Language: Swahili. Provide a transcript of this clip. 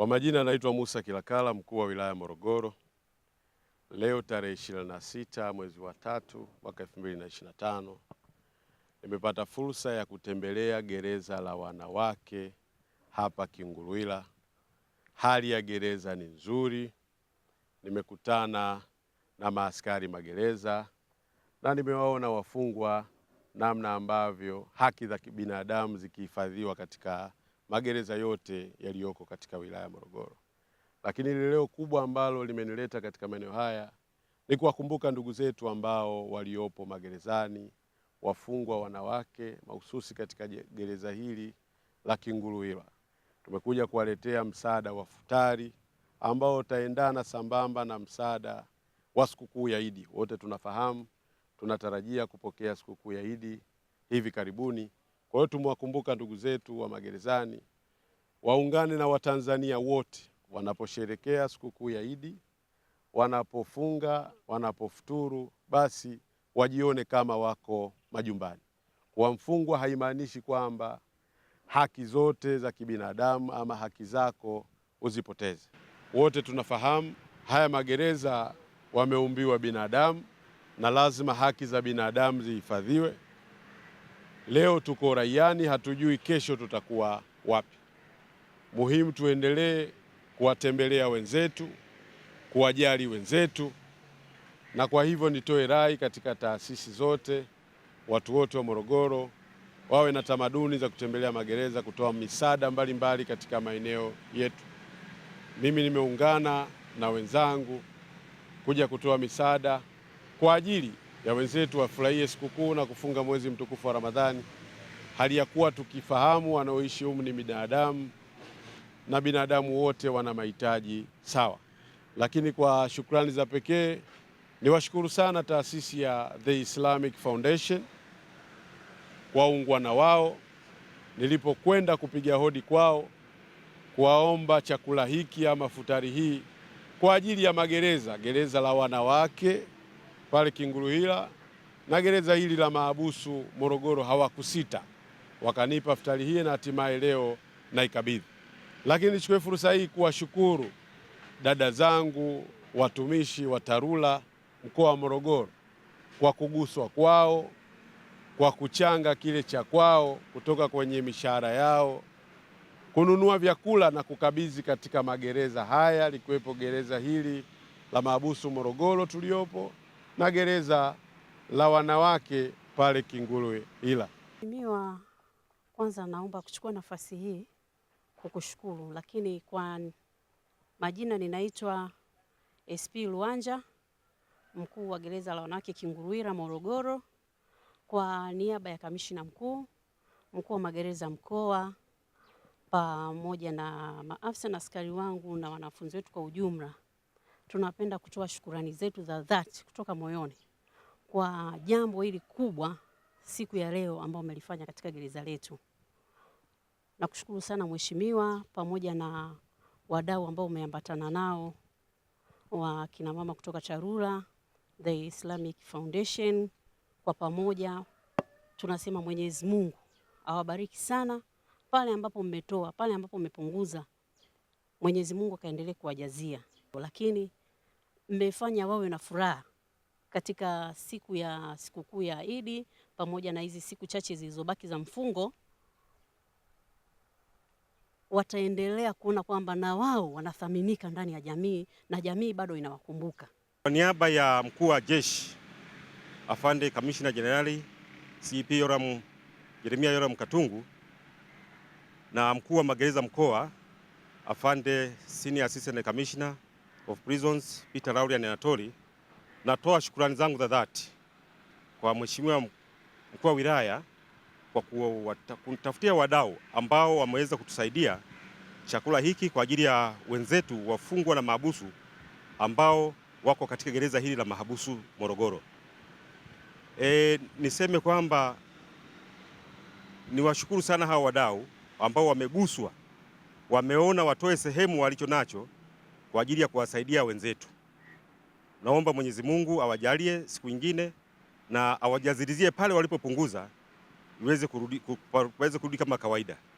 Kwa majina naitwa Musa Kilakala, mkuu wa wilaya Morogoro. Leo tarehe 26 mwezi wa tatu mwaka 2025 nimepata fursa ya kutembelea gereza la wanawake hapa Kingulwila. Hali ya gereza ni nzuri, nimekutana na maaskari magereza na nimewaona wafungwa namna ambavyo haki za kibinadamu zikihifadhiwa katika magereza yote yaliyoko katika wilaya ya Morogoro. Lakini leo kubwa ambalo limenileta katika maeneo haya ni kuwakumbuka ndugu zetu ambao waliopo magerezani, wafungwa wanawake mahususi katika gereza hili la Kinguruwila. Tumekuja kuwaletea msaada wa futari ambao utaendana sambamba na msaada wa sikukuu ya Idi. Wote tunafahamu tunatarajia kupokea sikukuu ya Idi hivi karibuni, kwa hiyo tumewakumbuka ndugu zetu wa magerezani waungane na Watanzania wote wanaposherekea sikukuu ya Idi, wanapofunga, wanapofuturu, basi wajione kama wako majumbani. Kuwa mfungwa haimaanishi kwamba haki zote za kibinadamu ama haki zako uzipoteze. Wote tunafahamu haya magereza wameumbiwa binadamu na lazima haki za binadamu zihifadhiwe. Leo tuko raiani, hatujui kesho tutakuwa wapi. Muhimu tuendelee kuwatembelea wenzetu, kuwajali wenzetu, na kwa hivyo nitoe rai katika taasisi zote, watu wote wa Morogoro wawe na tamaduni za kutembelea magereza kutoa misaada mbalimbali katika maeneo yetu. Mimi nimeungana na wenzangu kuja kutoa misaada kwa ajili ya wenzetu wafurahie sikukuu na kufunga mwezi mtukufu wa Ramadhani, hali ya kuwa tukifahamu wanaoishi humu ni binadamu na binadamu wote wana mahitaji sawa. Lakini kwa shukrani za pekee niwashukuru sana taasisi ya The Islamic Foundation kwa uungwana wao nilipokwenda kupiga hodi kwao kuwaomba chakula hiki ama futari hii kwa ajili ya magereza, gereza la wanawake pale Kinguruhila na gereza hili la maabusu Morogoro hawakusita, wakanipa futari hii na hatimaye leo naikabidhi. Lakini nichukue fursa hii kuwashukuru dada zangu watumishi wa TARURA mkoa wa Morogoro kwa kuguswa kwao, kwa kuchanga kile cha kwao kutoka kwenye mishahara yao kununua vyakula na kukabidhi katika magereza haya likiwepo gereza hili la maabusu Morogoro tuliopo na gereza la wanawake pale Kingulwe. Ila Mheshimiwa, kwanza naomba kuchukua nafasi hii kukushukuru, lakini kwa majina ninaitwa SP Luanja, mkuu wa gereza la wanawake Kingulwira Morogoro, kwa niaba ya kamishina mkuu, mkuu wa magereza mkoa, pamoja na maafisa na askari wangu na wanafunzi wetu kwa ujumla tunapenda kutoa shukurani zetu za dhati kutoka moyoni kwa jambo hili kubwa siku ya leo ambao umelifanya katika gereza letu. Nakushukuru sana mheshimiwa, pamoja na wadau ambao umeambatana nao wa kina mama kutoka Charura, The Islamic Foundation. Kwa pamoja tunasema Mwenyezi Mungu awabariki sana pale ambapo mmetoa, pale ambapo mmepunguza, Mwenyezi Mungu akaendelee kuwajazia, lakini mmefanya wawe na furaha katika siku ya sikukuu ya Idi pamoja na hizi siku chache zilizobaki za mfungo, wataendelea kuona kwamba na wao wanathaminika ndani ya jamii na jamii bado inawakumbuka. Kwa niaba ya mkuu wa jeshi afande kamishina Jenerali CP Yoram Jeremia Yoram Katungu na mkuu wa magereza mkoa afande Senior Assistant Commissioner of Prisons Peter Laurian Anatoli, natoa shukrani zangu za dhati kwa Mheshimiwa mkuu wa wilaya kwa kutafutia wadau ambao wameweza kutusaidia chakula hiki kwa ajili ya wenzetu wafungwa na mahabusu ambao wako katika gereza hili la mahabusu Morogoro. E, niseme kwamba niwashukuru sana hawa wadau ambao wameguswa, wameona watoe sehemu walicho nacho kwa ajili ya kuwasaidia wenzetu. Naomba Mwenyezi Mungu awajalie siku nyingine na awajazilizie pale walipopunguza, iweze kurudi, kurudi kama kawaida.